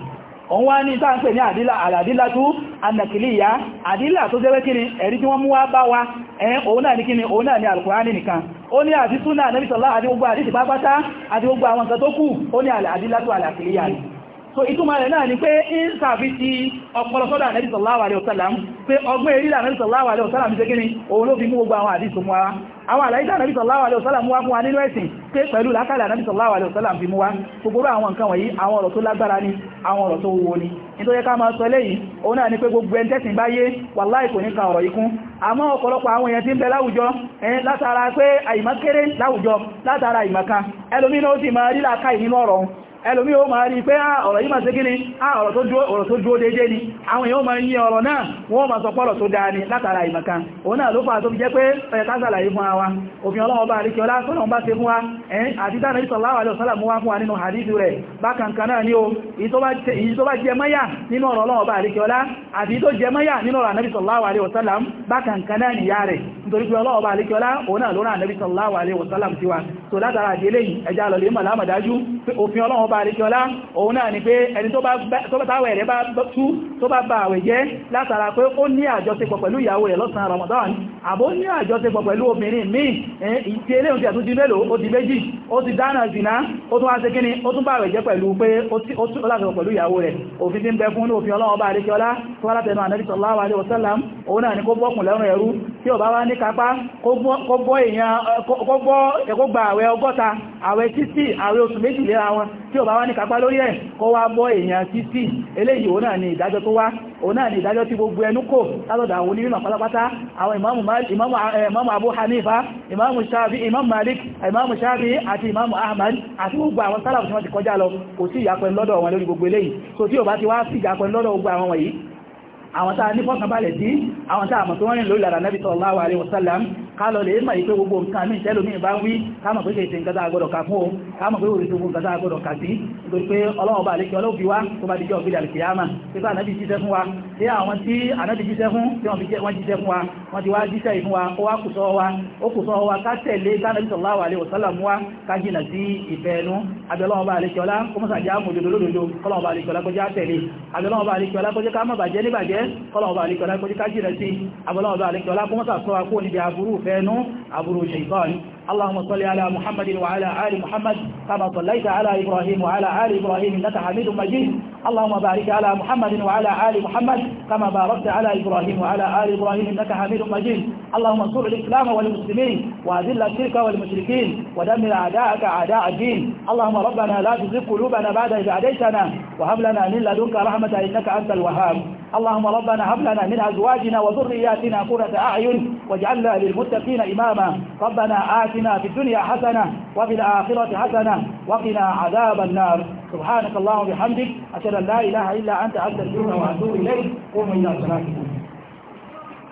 òun wá ní sáà ń pè ní àdílà tó annakiliya àdílà tó jẹ́wẹ́ kíni ẹ̀rí tí wọ́n mú wá bá wa ẹ̀yìn òun náà ní kíni òun náà ní alkùránì nìkan ó ní àti súnà nẹ́bìsọ̀lá àti gbogbo àdíṣì pápátá àti gbogbo àwọn nǹkan tó kù ó ní àdílà tó alàkìlíyà ni so ìtumọ̀ rẹ̀ náà ni pé in sàbí ti ọpọlọ sọ́dọ̀ ànẹ́bì sọ̀láwà rẹ̀ ọ̀sálàm pé ọgbọ́n eré ànẹ́bì sọ̀láwà rẹ̀ ọ̀sálàm ṣe gíní òun ló fi mú gbogbo àwọn àdìsù mú ara àwọn àlàyé ànẹ́bì sọ̀láwà rẹ̀ ni àwọn ọ̀rọ̀ ni nítorí ká máa sọ eléyìí òun náà ni pé gbogbo ẹni tẹ́sìn bá yé wàláì kò ní ka ọ̀rọ̀ yìí kún àmọ́ ọ̀pọ̀lọpọ̀ àwọn èèyàn tí ń bẹ láwùjọ ẹ̀yìn látara pé àìmọ́kéré láwùjọ látara ìmọ̀kan ẹlòmínú ó sì máa rí làákàì nínú ọ̀rọ̀ ẹlòmí o máa rí pé ah, ọ̀rọ̀ yìí máa ṣe kí ni ah, ọ̀rọ̀ tó dúó déédé ni àwọn èèyàn máa yí ọ̀rọ̀ náà wọ́n máa sọ pọ́lọ̀ tó dáa ni látara ìmọ̀kan òun náà ló fà tó fi jẹ́ pé ọ̀yẹ̀ká sàlàyé fún wa òfin ọlọ́wọ́ bá ọlá àdídá nàbí sallallahu alaihi wasallam mú wá fún wa nínú hadithu rẹ̀ bákankan náà ni o èyí tó bá jẹ mọ́yà nínú ọ̀rọ̀ Ọlọ́run bá àríkẹ́ọlá àti tó jẹ mọ́yà nínú ọ̀rọ̀ ànábì sallallahu alaihi wasallam bákankan náà ni yá rẹ̀ nítorí pé Ọlọ́run bá àríkẹ́ọlá òun alaihi wasallam tiwa tó látara àdí eléyìí ẹja lọ lè mọ̀ lámàdájú pé òfin Ọlọ́run bá àríkẹ́ọlá òun náà ni pé ẹni tó bá táwẹ̀ rẹ̀ bá tó ba àwẹ̀ jẹ́ látara pé ó ní àjọṣepọ̀ pẹ̀lú ìyàwó rẹ̀ lọ́sàn Ramadan àbó ní àjọṣepọ̀ pẹ̀lú obìnrin míì ìdí eléyìí ti àtúndí mélòó ó ti dáná zìná ó tún wá ṣe kíni ó tún bàwẹ̀ jẹ́ pẹ̀lú pé ó láfẹ́kọ̀ pẹ̀lú ìyàwó rẹ̀ òfin tí ń bẹ fún òfin ọlọ́wọ́ bá àríkẹ́ọlá tó wá látẹnu ànábì sallallahu alaihi wasallam òun ni kó bọ́kùn lẹ́rùn ẹ̀rú tí ó bá wá ní kápá kó bọ́ èèyàn kó gba àwẹ̀ ọgọ́ta àwẹ̀ títí àwẹ̀ oṣù méjì léra wọn tí ó bá wá ní kápá lórí ẹ̀ kó wá bọ́ ni ìdájọ́ tó wá òun náà ni ìdájọ́ tí eh, Abu Hanifa ìmáàmù Shafi ìmáàmù Malik ìmáàmù Shafi'i àti Imam Ahmad àti gbogbo àwọn sálàfù tí wọ́n ti kọjá lọ kò sí ìyapẹ̀ lọ́dọ̀ wọn lórí gbogbo eléyìí so tí ò bá ti wá sí ìyapẹ̀ lọ́dọ̀ gbogbo àwọn wọ̀nyí àwọn tàà ní fọ́kànbalẹ̀ sí àwọn tàà mọ̀ tó wọ́n rìn lórí lára Nabi sallallahu alaihi wasallam ká lọ lè mọ̀ ìpé gbogbo nǹkan mí tẹ́lómi bá ń wí ká mọ̀ pé kèsì nǹkan tá a gbọ́dọ̀ kà fún o ká mọ̀ pé orísun gbogbo nǹkan tá a gbọ́dọ̀ kà sí nítorí pé ọlọ́run bá lékè ọlọ́run fi wá tó bá dijọ́ ògbìlẹ̀ àlùkìyàmà pé bá ànábì jíṣẹ́ fún wa pé àwọn tí ànábì jíṣẹ́ fún tí wọ́n jíṣẹ́ fún wa wọ́n ti wá jíṣẹ́ ìfún wa ó wá kù sọ́ wa ó kù sọ́ wa ká tẹ̀lé tánàbí sallallahu alaihi wasallam wa ká jìnà sí ìfẹ́ ẹnu abẹ́lọ́wọ́n bá lékè ọlá kó mọ́sà já mọ̀ lòdò lòdò kọ́lọ́wọ́n bá lékè ọlá kọjá tẹ̀lé abẹ́lọ́wọ́n bá lékè ọlá kọjá ká mọ̀ níbàjẹ́ kọ́lọ́wọ́n bá lékè ọlá kọjá ká jìnà sí abẹ́lọ́wọ́n bá lékè ọlá kó mọ́sà sọ wa kó níbi aburú f بينه عبر شيطان اللهم صل على محمد وعلى آل محمد كما صليت على إبراهيم وعلى آل إبراهيم إنك حميد مجيد اللهم بارك على محمد وعلى آل محمد كما باركت على إبراهيم وعلى آل إبراهيم إنك حميد مجيد اللهم انصر الإسلام والمسلمين وأذل الشرك والمشركين ودمر أعداءك أعداء الدين اللهم ربنا لا تزغ قلوبنا بعد إذ هديتنا وهب لنا من لدنك رحمة إنك أنت الوهاب اللهم ربنا هب لنا من أزواجنا وذرياتنا قرة أعين واجعلنا للمتقين إماما ربنا آتنا في الدنيا حسنة وفي الآخرة حسنة وقنا عذاب النار سبحانك اللهم وبحمدك أشهد أن لا إله إلا أنت أستغفرك وأتوب إليك قوموا إلى صلاتكم